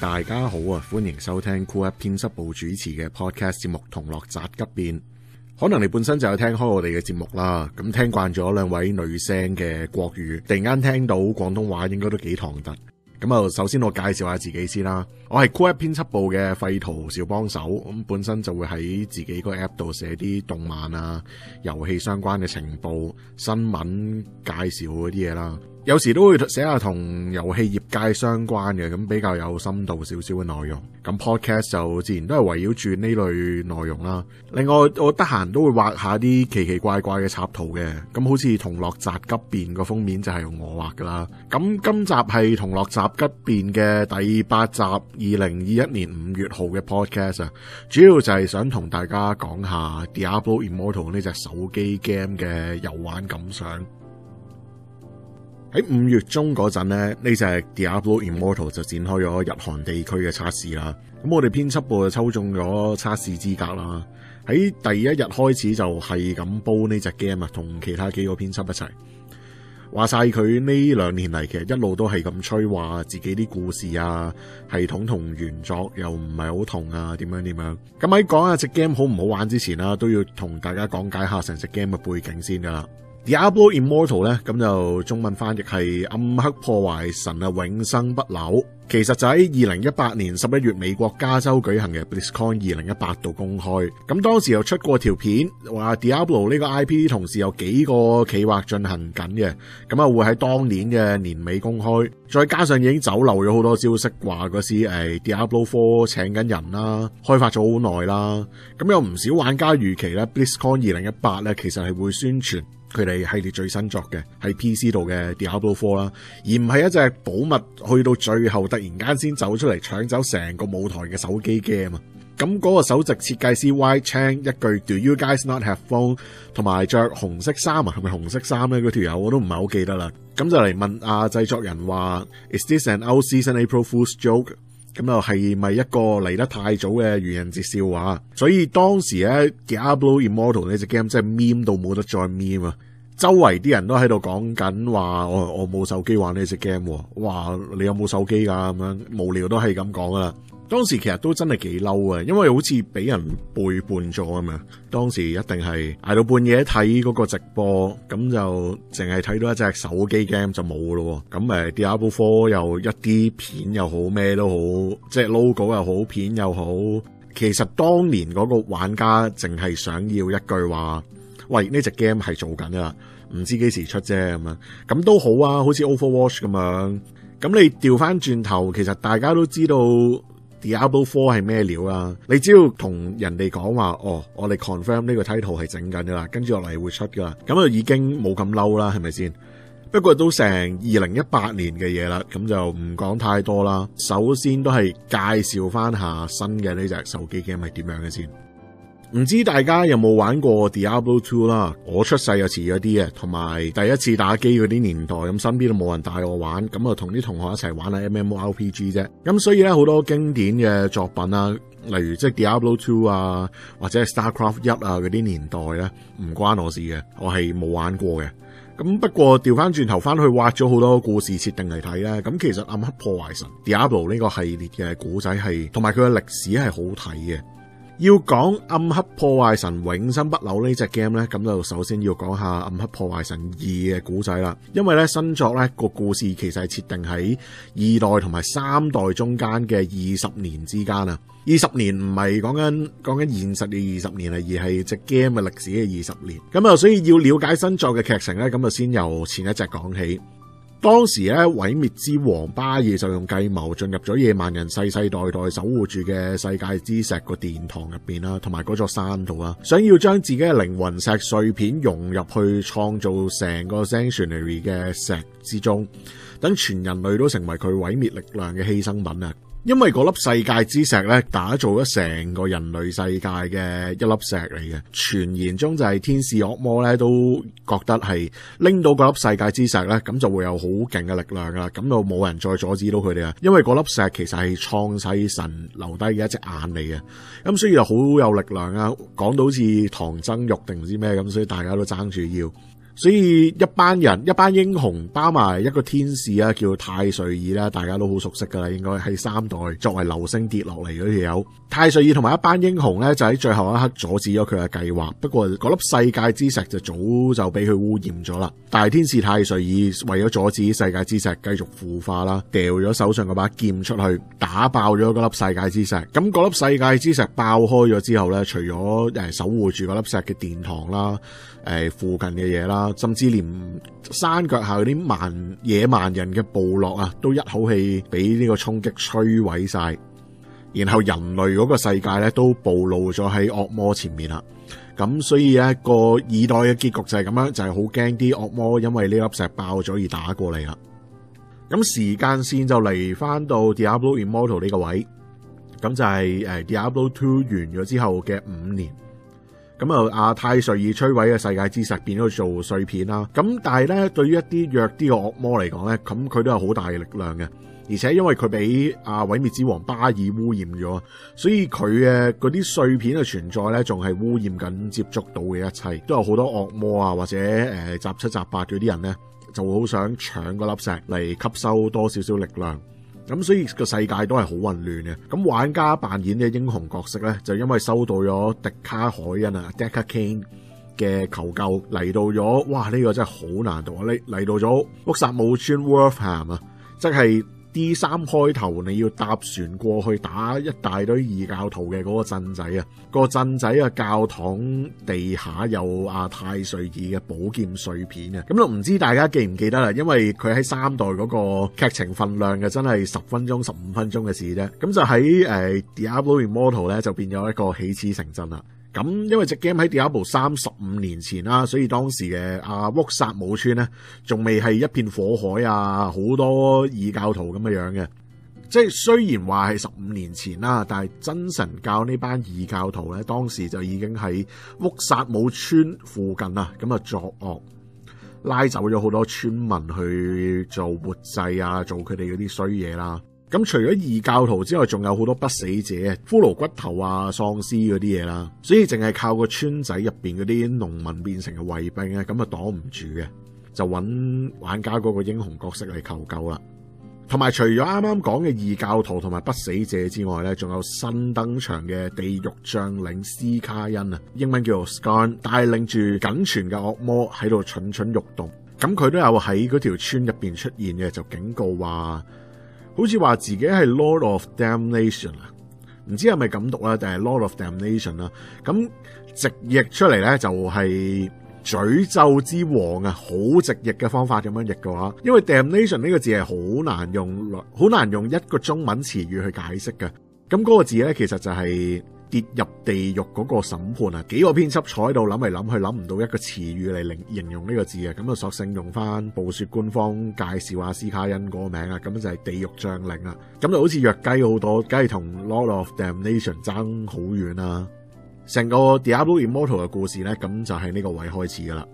大家好啊！歡迎收聽 Qoo App 編輯部主持嘅 Podcast 節目《同樂宅急便》。可能你本身就有聽開我哋嘅節目啦，咁聽慣咗兩位女聲嘅國語，突然間聽到廣東話，應該都幾唐突。咁啊，首先我先介紹下自己先啦，我係 Qoo App 編輯部嘅廢圖小幫手，咁本身就會喺自己個 App 度寫啲動漫啊、遊戲相關嘅情報、新聞介紹嗰啲嘢啦。有時都會寫下同遊戲業界相關嘅，咁比較有深度少少嘅內容。咁 podcast 就自然都係圍繞住呢類內容啦。另外我得閒都會畫下啲奇奇怪怪嘅插圖嘅，咁好似《同樂集急變》個封面就係用我畫噶啦。咁今集係《同樂集急變》嘅第八集，二零二一年五月號嘅 podcast 啊，主要就係想同大家講下《Diablo Immortal》呢隻手機 game 嘅遊玩感想。喺五月中嗰陣咧，呢隻《Diablo Immortal》就展開咗日韓地區嘅測試啦。咁我哋編輯部就抽中咗測試資格啦。喺第一日開始就係咁煲呢隻 game 啊，同其他幾個編輯一齊話晒佢呢兩年嚟其實一路都係咁吹，話自己啲故事啊、系統同原作又唔係好同啊，點樣點樣。咁喺講下隻 game 好唔好玩之前啦，都要同大家講解下成隻 game 嘅背景先噶啦。《Diablo Immortal》咧，咁就中文翻譯係暗黑破壞神啊，永生不朽。其實就喺二零一八年十一月美國加州舉行嘅 BlizzCon 二零一八度公開。咁當時又出過條片話《Diablo》呢個 I.P. 同時有幾個企劃進行緊嘅，咁啊會喺當年嘅年尾公開。再加上已經走漏咗好多消息，話嗰時 Diablo 4請緊人啦，開發咗好耐啦。咁有唔少玩家預期咧，《BlizzCon 二零一八》咧其實係會宣傳。佢哋系列最新作嘅喺 PC 度嘅《Diablo IV》啦，而唔係一隻寶物，去到最後突然間先走出嚟搶走成個舞台嘅手機 game 啊！咁、那、嗰個首席設計師 Y Chang 一句 Do you guys not have phone？同埋着紅色衫啊，係咪紅色衫咧？嗰條友我都唔係好記得啦。咁就嚟問啊製作人話：Is this an old season April Fool's joke？咁又係咪一個嚟得太早嘅愚人節笑話？所以當時咧，《Diablo Immortal》呢隻 game 真係 meme 到冇得再 meme 啊！周圍啲人都喺度講緊話，我我冇手機玩呢隻 game 喎。哇！你有冇手機㗎？咁樣無聊都係咁講啦。當時其實都真係幾嬲啊，因為好似俾人背叛咗啊嘛！當時一定係挨到半夜睇嗰個直播，咁就淨係睇到一隻手機 game 就冇咯。咁誒，第二部 four 又一啲片又好咩都好，即係 logo 又好，片又好。其實當年嗰個玩家淨係想要一句話：喂，呢隻 game 係做緊啊，唔知幾時出啫。咁樣咁都好啊，好似 Overwatch 咁樣。咁你調翻轉頭，其實大家都知道。《Diablo IV》係咩料啊？你只要同人哋講話，哦，我哋 confirm 呢個 title 係整緊噶啦，跟住落嚟會出噶啦，咁就已經冇咁嬲啦，係咪先？不過都成二零一八年嘅嘢啦，咁就唔講太多啦。首先都係介紹返下新嘅呢隻手機 game 係點樣嘅先。唔知大家有冇玩過 Diablo II 啦？我出世又遲咗啲嘅，同埋第一次打機嗰啲年代，咁身邊都冇人帶我玩，咁啊同啲同學一齊玩啊 MMORPG 啫。咁所以咧，好多經典嘅作品啦，例如即係 Diablo II 啊，或者係 StarCraft 一啊嗰啲年代咧，唔關我事嘅，我係冇玩過嘅。咁不過調翻轉頭翻去挖咗好多故事設定嚟睇咧，咁其實暗黑破壞神 Diablo 呢個系列嘅古仔係，同埋佢嘅歷史係好睇嘅。要講暗黑破壞神永生不朽呢隻 game 咧，咁就首先要講下暗黑破壞神二嘅古仔啦。因為咧，新作咧個故事其實係設定喺二代同埋三代中間嘅二十年之間啊。二十年唔係講緊講緊現實嘅二十年啊，而係隻 game 嘅歷史嘅二十年。咁啊，所以要了解新作嘅劇情咧，咁啊先由前一隻講起。當時咧，毀滅之王巴爾就用計謀進入咗野蠻人世世代代守護住嘅世界之石個殿堂入邊啦，同埋嗰座山度啦，想要將自己嘅靈魂石碎片融入去創造成個 Sanctuary 嘅石之中，等全人類都成為佢毀滅力量嘅犧牲品啊！因為嗰粒世界之石咧，打造咗成個人類世界嘅一粒石嚟嘅。傳言中就係天使惡魔咧都覺得係拎到嗰粒世界之石咧，咁就會有好勁嘅力量啊。咁就冇人再阻止到佢哋啊。因為嗰粒石其實係創世神留低嘅一隻眼嚟嘅，咁所以就好有力量啊。講到好似唐僧肉定唔知咩咁，所以大家都爭住要。所以一班人、一班英雄包埋一個天使啊，叫泰瑞爾啦，大家都好熟悉噶啦，應該係三代作為流星跌落嚟嗰條友。泰瑞爾同埋一班英雄咧，就喺最後一刻阻止咗佢嘅計劃。不過嗰粒世界之石就早就俾佢污染咗啦。但係天使泰瑞爾為咗阻止世界之石繼續腐化啦，掉咗手上嗰把劍出去，打爆咗嗰粒世界之石。咁嗰粒世界之石爆開咗之後咧，除咗誒守護住嗰粒石嘅殿堂啦。誒，附近嘅嘢啦，甚至連山腳下啲蠻野蠻人嘅部落啊，都一口氣俾呢個衝擊摧毀晒，然後人類嗰個世界咧都暴露咗喺惡魔前面啦。咁所以呢個二代嘅結局就係咁樣，就係好驚啲惡魔因為呢粒石爆咗而打過嚟啦。咁時間線就嚟翻到 Diablo Immortal 呢個位，咁就係誒 Diablo 2完咗之後嘅五年。咁啊！阿泰瑞爾摧毀嘅世界之石變咗做碎片啦。咁但係咧，對於一啲弱啲嘅惡魔嚟講咧，咁佢都有好大嘅力量嘅。而且因為佢俾阿毀滅之王巴爾污染咗，所以佢嘅嗰啲碎片嘅存在咧，仲係污染緊接觸到嘅一切，都有好多惡魔啊，或者誒雜七雜八嗰啲人咧，就會好想搶個粒石嚟吸收多少少力量。咁所以個世界都係好混亂嘅。咁玩家扮演嘅英雄角色咧，就因為收到咗迪卡海恩啊、Deckard Cain 嘅求救，嚟到咗，哇！呢、呢個真係好難度啊！嚟嚟到咗屋薩姆村 Wortham 啊、即係，即係。D 三開頭你要搭船過去打一大堆異教徒嘅嗰個鎮仔啊，個鎮仔啊，教堂地下有阿泰瑞爾嘅寶劍碎片啊，咁就唔知大家記唔記得啦，因為佢喺三代嗰個劇情分量嘅真係十分鐘十五分鐘嘅事啫，咁就喺 Diablo Immortal 咧就變咗一個起始城鎮啦。咁，因為隻 game 喺 Diablo 3十五年前啦，所以當時嘅阿沃薩姆村咧，仲未係一片火海啊，好多異教徒咁嘅樣嘅。即係雖然話係十五年前啦，但係真神教呢班異教徒咧，當時就已經喺沃薩姆村附近啊，咁啊作惡，拉走咗好多村民去做活祭啊，做佢哋嗰啲衰嘢啦。咁除咗異教徒之外，仲有好多不死者、骷髏骨頭啊、喪屍嗰啲嘢啦，所以淨係靠個村仔入邊嗰啲農民變成嘅衛兵啊，咁啊擋唔住嘅，就搵玩家嗰個英雄角色嚟求救啦。同埋除咗啱啱講嘅異教徒同埋不死者之外咧，仲有新登場嘅地獄將領斯卡恩啊，英文叫做 Skarn，帶領住僅存嘅惡魔喺度蠢蠢欲動。咁佢都有喺嗰條村入邊出現嘅，就警告話。好似話自己係 Lord of Damnation 啊，唔知係咪咁讀啦，定係 Lord of Damnation 啦。咁直譯出嚟咧就係詛咒之王啊，好直譯嘅方法咁樣譯嘅話，因為 Damnation 呢個字係好難用，好難用一個中文詞語去解釋嘅。咁、那、嗰個字咧其實就係、是。跌入地獄嗰個審判啊，幾個編輯坐喺度諗嚟諗去，諗唔到一個詞語嚟形容呢個字啊，咁就索性用翻暴雪官方介紹阿、啊、斯卡恩個名啊，咁就係、是、地獄將領啦，咁就好似弱雞好多，梗係同 Lord of Damnation 爭好遠啦。成個 Diablo Immortal 嘅故事咧，咁就喺呢個位開始噶啦。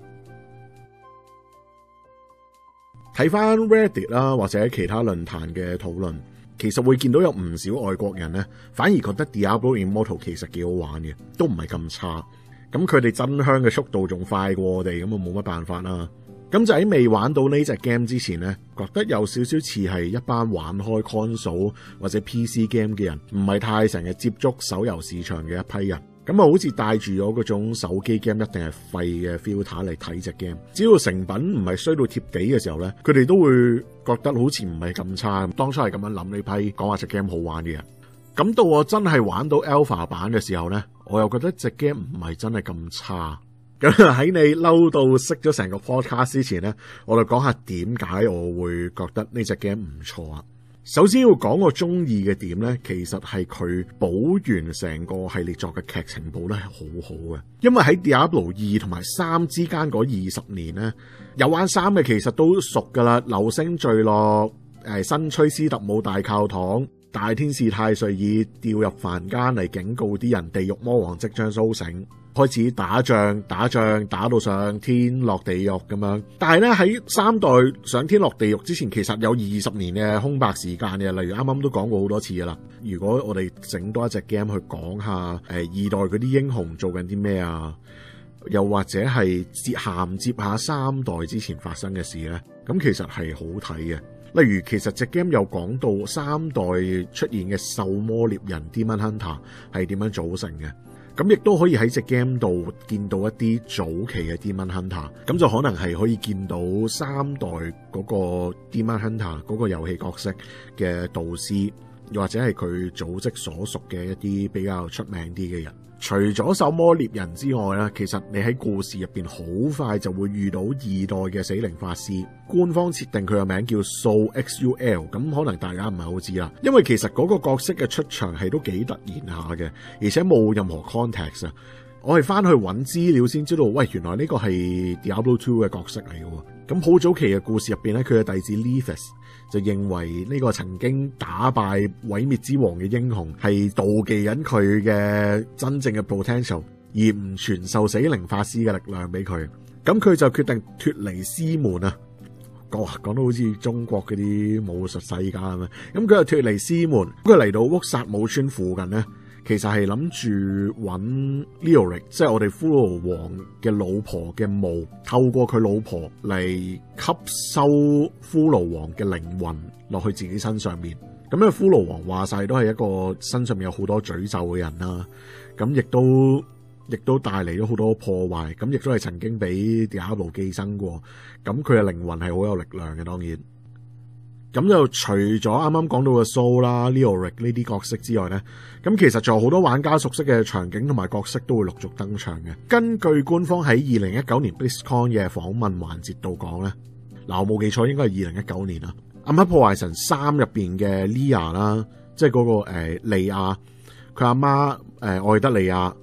睇翻 Reddit 啦，或者其他論壇嘅討論。其實會見到有唔少外國人咧，反而覺得《Diablo Immortal》其實幾好玩嘅，都唔係咁差。咁佢哋真香嘅速度仲快過我哋，咁啊冇乜辦法啦。咁就喺未玩到呢隻 game 之前咧，覺得有少少似係一班玩開 console 或者 PC game 嘅人，唔係太成日接觸手遊市場嘅一批人。咁啊，好似帶住咗嗰種手機 game 一定係廢嘅 filter 嚟睇隻 game，只要成品唔係衰到貼地嘅時候咧，佢哋都會覺得好似唔係咁差。當初係咁樣諗呢批講話隻 game 好玩嘅人，咁到我真係玩到 alpha 版嘅時候咧，我又覺得隻 game 唔係真係咁差。咁喺你嬲到熄咗成個 podcast 之前咧，我哋講下點解我會覺得呢隻 game 唔錯啊！首先要講個中意嘅點咧，其實係佢補完成個系列作嘅劇情部咧，係好好嘅。因為喺《Diablo 二》同埋三之間嗰二十年咧，有玩三嘅其實都熟噶啦。流星墜落，誒，新崔斯特姆大教堂，大天使泰瑞爾掉入凡間嚟警告啲人，地獄魔王即將蘇醒。開始打仗，打仗打到上天落地獄咁樣，但係咧喺三代上天落地獄之前，其實有二十年嘅空白時間嘅。例如啱啱都講過好多次啦。如果我哋整多一隻 game 去講下誒二代嗰啲英雄做緊啲咩啊，又或者係接銜接下三代之前發生嘅事咧，咁其實係好睇嘅。例如其實隻 game 又講到三代出現嘅狩魔獵人 Demon Hunter 係點樣組成嘅？咁亦都可以喺隻 game 度見到一啲早期嘅 Demon Hunter，咁就可能係可以見到三代嗰個 Demon Hunter 嗰個遊戲角色嘅導師，又或者係佢組織所屬嘅一啲比較出名啲嘅人。除咗守魔獵人之外咧，其實你喺故事入面好快就會遇到二代嘅死靈法師，官方設定佢嘅名叫 Xul，咁可能大家唔係好知啦。因為其實嗰個角色嘅出場係都幾突然下嘅，而且冇任何 context 啊。我係翻去揾資料先知道，喂，原來呢個係 Diablo II 嘅角色嚟嘅喎。咁好早期嘅故事入邊咧，佢嘅弟子 Leves 就認為呢個曾經打敗毀滅之王嘅英雄係妒忌緊佢嘅真正嘅 potential，而唔傳授死靈法師嘅力量俾佢。咁佢就決定脫離師門啊！哇，講到好似中國嗰啲武術世家咁，咁佢就脫離師門，佢嚟到屋薩姆村附近咧。其實係諗住揾 Leoric 即係我哋骷髏王嘅老婆嘅墓，透過佢老婆嚟吸收骷髏王嘅靈魂落去自己身上面。咁因為骷髏王話晒都係一個身上面有好多詛咒嘅人啦，咁亦都亦都帶嚟咗好多破壞，咁亦都係曾經俾 Diablo 寄生過。咁佢嘅靈魂係好有力量嘅，當然。咁就除咗啱啱講到嘅 Soul 啦、Leoric 呢啲角色之外咧，咁其實仲有好多玩家熟悉嘅場景同埋角色都會陸續登場嘅。根據官方喺二零一九年 BlizzCon 嘅訪問環節度講咧，嗱我冇記錯應該係二零一九年啦，《暗黑破壞神三》入面嘅 Lea 啦，即係嗰個誒莉亞佢阿媽誒愛德莉亞。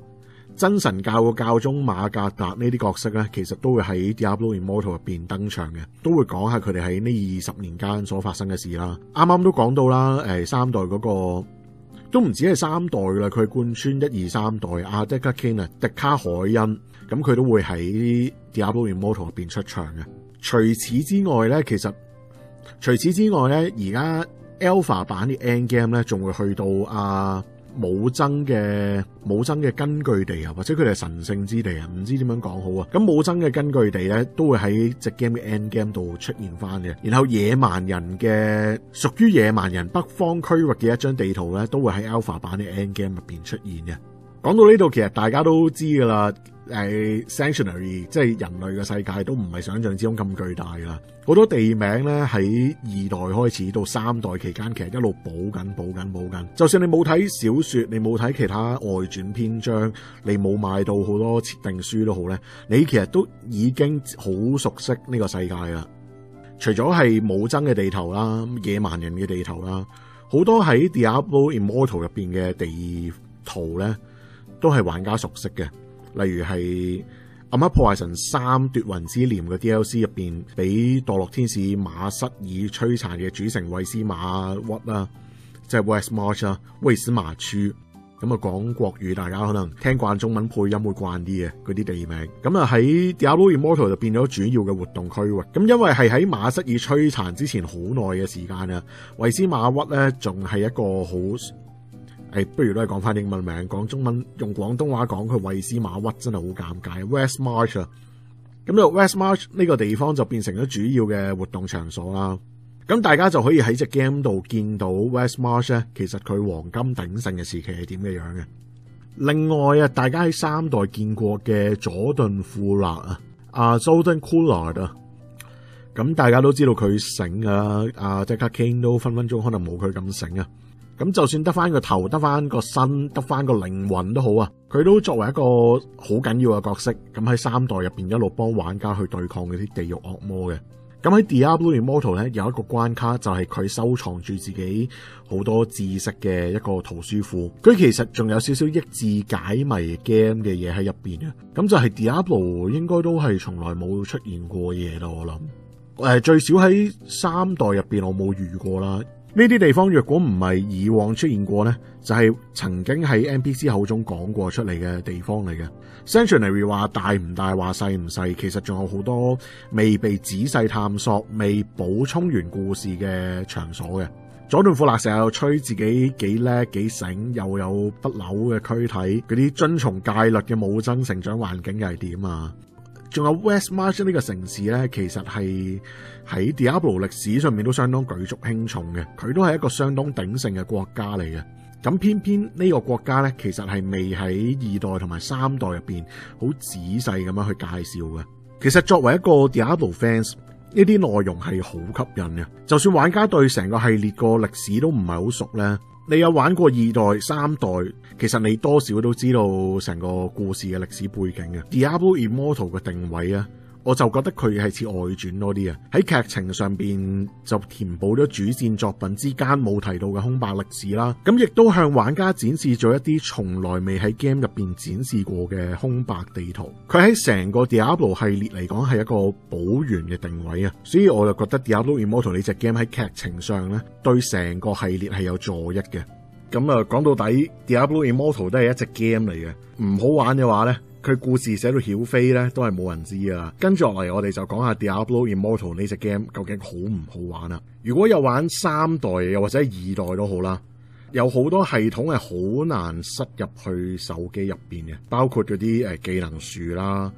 真神教嘅教宗馬格達呢啲角色咧，其實都會喺《Diablo Immortal》入邊登場嘅，都會講下佢哋喺呢二十年間所發生嘅事啦。啱啱都講到啦，誒三代嗰個都唔止係三代啦，佢貫穿一二三代阿德卡金啊、迪卡海恩，咁佢都會喺《Diablo Immortal》入邊出場嘅。除此之外咧，其實除此之外咧，而家 Alpha 版啲 Endgame 咧，仲會去到啊武僧嘅武僧嘅根據地啊，或者佢哋係神聖之地啊，唔知點樣講好啊。咁武僧嘅根據地咧，都會喺隻 game 嘅 end game 度出現翻嘅。然後野蠻人嘅屬於野蠻人北方區域嘅一張地圖咧，都會喺 Alpha 版嘅 end game 入邊出現嘅。講到呢度，其實大家都知噶啦。誒，Sanctuary 即係人類嘅世界都唔係想象之中咁巨大啦。好多地名咧喺二代開始到三代期間，其實一路補緊、補緊、補緊。就算你冇睇小說，你冇睇其他外傳篇章，你冇買到好多設定書都好咧，你其實都已經好熟悉呢個世界啦。除咗係武僧嘅地頭啦、野蠻人嘅地頭啦，好多喺《Diablo Immortal》入面嘅地圖咧，都係玩家熟悉嘅。例如係《暗黑破壞神三奪魂之鐮》嘅 DLC 入面，俾墮落天使馬瑟爾摧殘嘅主城威斯馬屈啦，即係 West March 啦，威斯馬柱。咁啊，講國語，大家可能聽慣中文配音會慣啲嘅嗰啲地名。咁啊喺 Diablo Immortal 就變咗主要嘅活動區域。咁因為係喺馬瑟爾摧殘之前好耐嘅時間啦，威斯馬屈咧仲係一個好。誒、哎，不如都係講翻英文名，講中文用廣東話講佢維斯馬屈真係好尷尬，West March 啊。咁就 West March 呢個地方就變成咗主要嘅活動場所啦。咁大家就可以喺隻 game 度見到 West March 咧，其實佢黃金鼎盛嘅時期係點嘅樣嘅。另外啊，大家喺三代見過嘅佐頓庫勒啊，啊 Zoltun Kulle 啊，咁大家都知道佢醒啊，啊，Deckard Cain 都分分鐘可能冇佢咁醒啊。咁就算得翻個頭，得翻個身，得翻個靈魂都好啊！佢都作為一個好緊要嘅角色，咁喺三代入邊一路幫玩家去對抗嗰啲地獄惡魔嘅。咁喺 Diablo Immortal 咧有一個關卡就係佢收藏住自己好多知識嘅一個圖書庫，佢其實仲有少少益智解謎 game 嘅嘢喺入邊嘅。咁就係 Diablo 應該都係從來冇出現過嘢咯，我諗誒最少喺三代入邊我冇遇過啦。呢啲地方若果唔係以往出現過呢，就係、是、曾經喺 NPC 口中講過出嚟嘅地方嚟嘅。Sanctuary 話大唔大，話細唔細，其實仲有好多未被仔細探索、未補充完故事嘅場所嘅。左頓富勒石又吹自己幾叻幾醒，又有不朽嘅軀體，嗰啲遵從戒律嘅武僧成長環境又係點啊？仲有 West March 呢個城市呢，其實係。喺 Diablo 歷史上面都相當舉足輕重嘅，佢都係一個相當鼎盛嘅國家嚟嘅。咁偏偏呢個國家咧，其實係未喺二代同埋三代入面好仔細咁樣去介紹嘅。其實作為一個 Diablo fans，呢啲內容係好吸引嘅。就算玩家對成個系列個歷史都唔係好熟咧，你有玩過二代、三代，其實你多少都知道成個故事嘅歷史背景嘅。Diablo Immortal 嘅定位啊～我就覺得佢係似外傳多啲啊！喺劇情上邊就填補咗主線作品之間冇提到嘅空白歷史啦，咁亦都向玩家展示咗一啲從來未喺 game 入邊展示過嘅空白地圖。佢喺成個 Diablo 系列嚟講係一個補完嘅定位啊，所以我就覺得 Diablo Immortal 呢隻 game 喺劇情上咧對成個系列係有助益嘅。咁啊，講到底 Diablo Immortal 都係一隻 game 嚟嘅，唔好玩嘅話咧。佢故事寫到曉飛咧，都係冇人知㗎。跟住落嚟，我哋就講下《Diablo Immortal》呢隻 game 究竟好唔好玩啊？如果有玩三代又或者二代都好啦，有好多系統係好難塞入去手機入面嘅，包括嗰啲技能樹啦、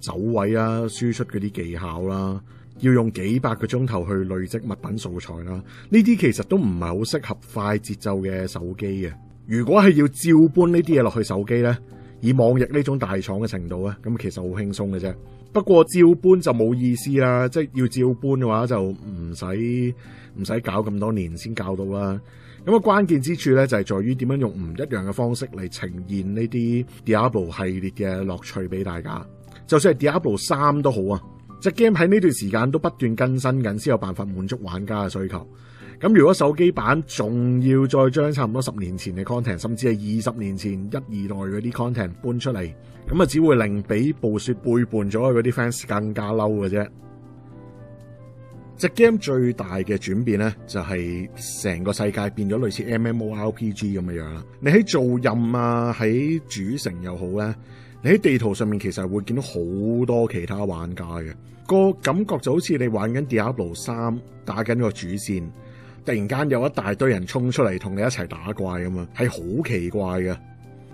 走位啦、輸出嗰啲技巧啦，要用幾百個鐘頭去累積物品素材啦，呢啲其實都唔係好適合快節奏嘅手機嘅。如果係要照搬呢啲嘢落去手機咧，以網易呢種大廠嘅程度咧，咁其實好輕鬆嘅啫。不過照搬就冇意思啦，即係要照搬嘅話就唔使唔使搞咁多年先搞到啦。咁啊，關鍵之處咧，就係在於點樣用唔一樣嘅方式嚟呈現呢啲《Diablo》系列嘅樂趣俾大家。就算係《Diablo 三》都好啊，隻 game 喺呢段時間都不斷更新緊，先有辦法滿足玩家嘅需求。咁如果手機版仲要再將差唔多十年前嘅 content，甚至係二十年前一二代嗰啲 content 搬出嚟，咁啊，只會令比暴雪背叛咗嗰啲 fans 更加嬲嘅啫。隻 game 最大嘅轉變咧，就係成個世界變咗類似 MMORPG 咁嘅樣啦。你喺做任啊，喺主城又好咧，你喺地圖上面其實會見到好多其他玩家嘅，個感覺就好似你玩緊 Diablo 三，打緊個主線，突然間有一大堆人衝出嚟同你一齊打怪咁啊，係好奇怪嘅。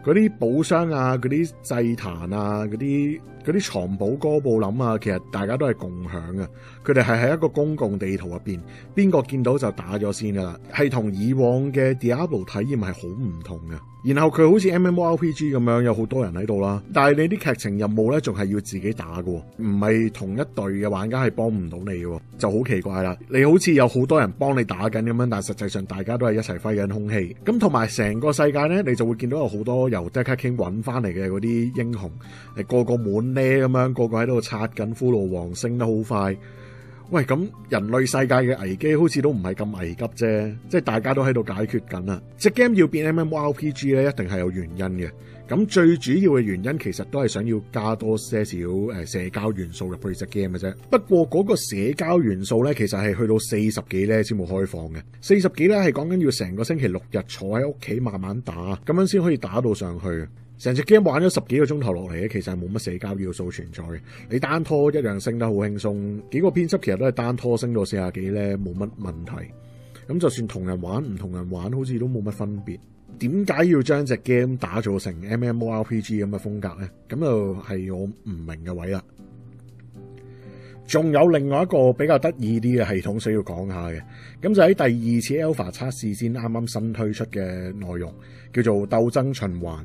嗰啲寶箱啊、嗰啲祭壇啊、嗰啲啲藏寶哥布林啊，其實大家都係共享嘅。佢哋係喺一個公共地圖入邊，邊個見到就打咗先噶啦。係同以往嘅 Diablo 體驗係好唔同嘅。然後佢好似 MMORPG 咁樣，有好多人喺度啦，但係你啲劇情任務呢，仲係要自己打喎，唔係同一隊嘅玩家係幫唔到你嘅，就好奇怪啦。你好似有好多人幫你打緊咁樣，但係實際上大家都係一齊揮緊空氣。咁同埋成個世界呢，你就會見到有好多由 Decker King 搵翻嚟嘅嗰啲英雄，誒個個滿呢咁樣，個個喺度刷緊骷髏王，升得好快。喂，咁人類世界嘅危機好似都唔係咁危急啫，即係大家都喺度解決緊啦。隻 game 要變 MMORPG 咧，一定係有原因嘅。咁最主要嘅原因其實都係想要加多些少誒社交元素入去隻 game 嘅啫。不過嗰個社交元素咧，其實係去到四十幾咧先冇開放嘅。四十幾咧係講緊要成個星期六日坐喺屋企慢慢打，咁樣先可以打到上去。成隻 game 玩咗十幾個鐘頭落嚟咧，其實係冇乜社交要素存在嘅。你單拖一樣升得好輕鬆，幾個編輯其實都係單拖升到四十幾咧，冇乜問題。咁就算同人玩唔同人玩，好似都冇乜分別。點解要將隻 game 打造成 MMORPG 咁嘅風格咧？咁就係我唔明嘅位啦。仲有，另外一個比較得意啲嘅系統需要講下嘅，咁就喺第二次 Alpha 測試先啱啱新推出嘅內容，叫做鬥爭循環。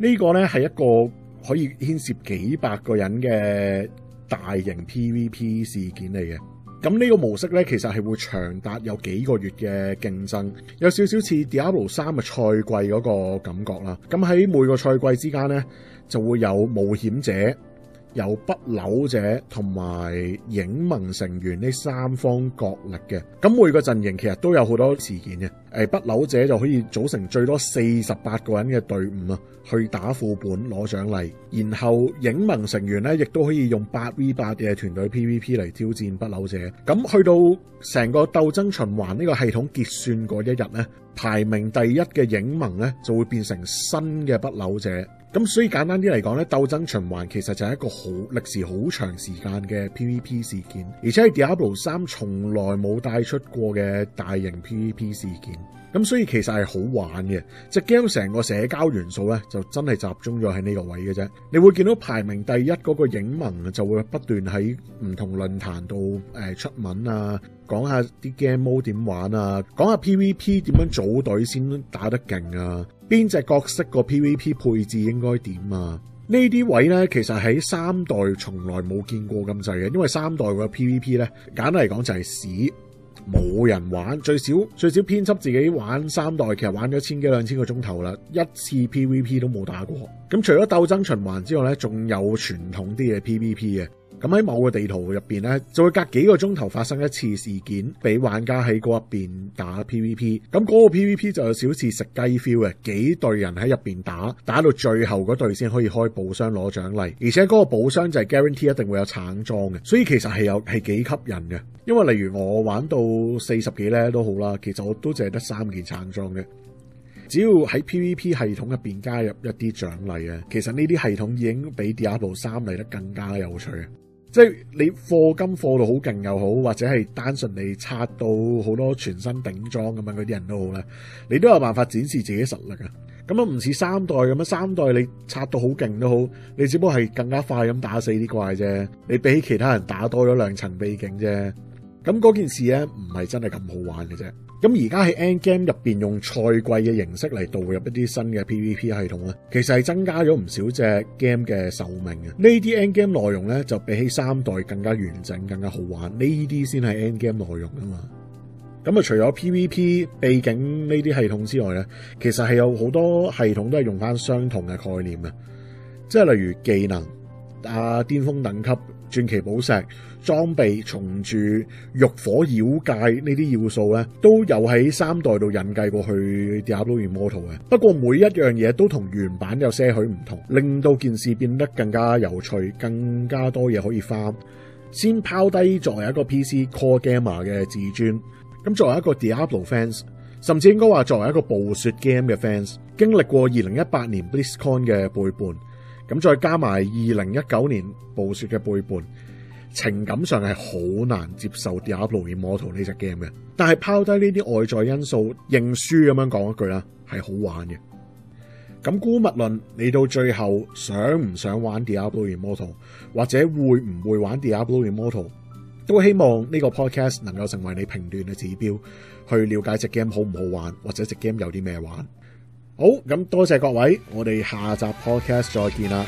呢、這個咧係一個可以牽涉幾百個人嘅大型 PVP 事件嚟嘅，咁呢個模式呢，其實係會長達有幾個月嘅競爭，有少少似《Diablo 三》嘅賽季嗰個感覺啦。咁喺每個賽季之間呢，就會有冒險者。由不朽者同埋影盟成員呢三方角力嘅，咁每個陣營其實都有好多事件嘅。誒，不朽者就可以組成最多四十八個人嘅隊伍啊，去打副本攞獎勵。然後影盟成員咧，亦都可以用八 v 八嘅團隊 PVP 嚟挑戰不朽者。咁去到成個鬥爭循環呢個系統結算嗰一日咧，排名第一嘅影盟咧就會變成新嘅不朽者。咁所以簡單啲嚟講咧，鬥爭循環其實就係一個好歷史好長時間嘅 PVP 事件，而且係 Diablo 三從來冇帶出過嘅大型 PVP 事件。咁所以其實係好玩嘅，隻 game 成個社交元素咧就真係集中咗喺呢個位嘅啫。你會見到排名第一嗰個影文就會不斷喺唔同論壇度出文啊，講下啲 game mode 點玩啊，講下 PVP 點樣組隊先打得勁啊。邊隻角色個 PVP 配置應該點啊？呢啲位呢，其實喺三代從來冇見過咁滯嘅，因為三代個 PVP 呢，簡單嚟講就係屎，冇人玩，最少最少編輯自己玩三代，其實玩咗千幾兩千個鐘頭啦，一次 PVP 都冇打過。咁除咗鬥爭循環之外呢，仲有傳統啲嘅 PVP 嘅。咁喺某個地圖入邊呢，就會隔幾個鐘頭發生一次事件，俾玩家喺嗰入邊打 PVP。咁嗰個 PVP 就有少似食雞 feel 嘅，幾隊人喺入邊打，打到最後嗰隊先可以開寶箱攞獎勵，而且嗰個寶箱就係 guarantee 一定會有橙裝嘅，所以其實係有係幾吸引嘅。因為例如我玩到四十幾呢都好啦，其實我都淨係得三件橙裝嘅。只要喺 PVP 系統入邊加入一啲獎勵啊，其實呢啲系統已經比 Diablo 3嚟得更加有趣。即係你課金課到好勁又好，或者係單純你刷到好多全身頂裝咁樣嗰啲人都好啦，你都有辦法展示自己實力啊！咁樣唔似三代咁樣，三代你刷到好勁都好，你只不過係更加快咁打死啲怪啫，你比起其他人打多咗兩層秘境啫。咁嗰件事咧，唔係真係咁好玩嘅啫。咁而家喺 end game 入邊用賽季嘅形式嚟導入一啲新嘅 PVP 系統咧，其實係增加咗唔少隻 game 嘅壽命嘅。呢啲 end game 內容咧，就比起三代更加完整、更加好玩。呢啲先係 end game 內容啊嘛。咁啊，除咗 PVP 背景呢啲系統之外咧，其實係有好多系統都係用翻相同嘅概念啊，即係例如技能啊、巔峰等級。傳奇寶石、裝備、重鑄、欲火妖界呢啲要素咧，都有喺三代度引介過去 Diablo Immortal 嘅。不過每一樣嘢都同原版有些許唔同，令到件事變得更加有趣，更加多嘢可以翻。先拋低作為一個 PC Core Gamer 嘅自尊，咁作為一個 Diablo fans，甚至應該話作為一個暴雪 Game 嘅 fans，經歷過二零一八年 BlizzCon 嘅背叛。咁再加埋二零一九年暴雪嘅背叛，情感上係好難接受《Diablo Immortal》呢隻 game 嘅。但係拋低呢啲外在因素，認輸咁樣講一句啦，係好玩嘅。咁姑勿論，你到最後想唔想玩《Diablo Immortal》，或者會唔會玩《Diablo Immortal》，都希望呢個 podcast 能夠成為你評斷嘅指標，去了解隻 game 好唔好玩，或者隻 game 有啲咩玩。好，咁多謝各位，我哋下集 Podcast 再見啦。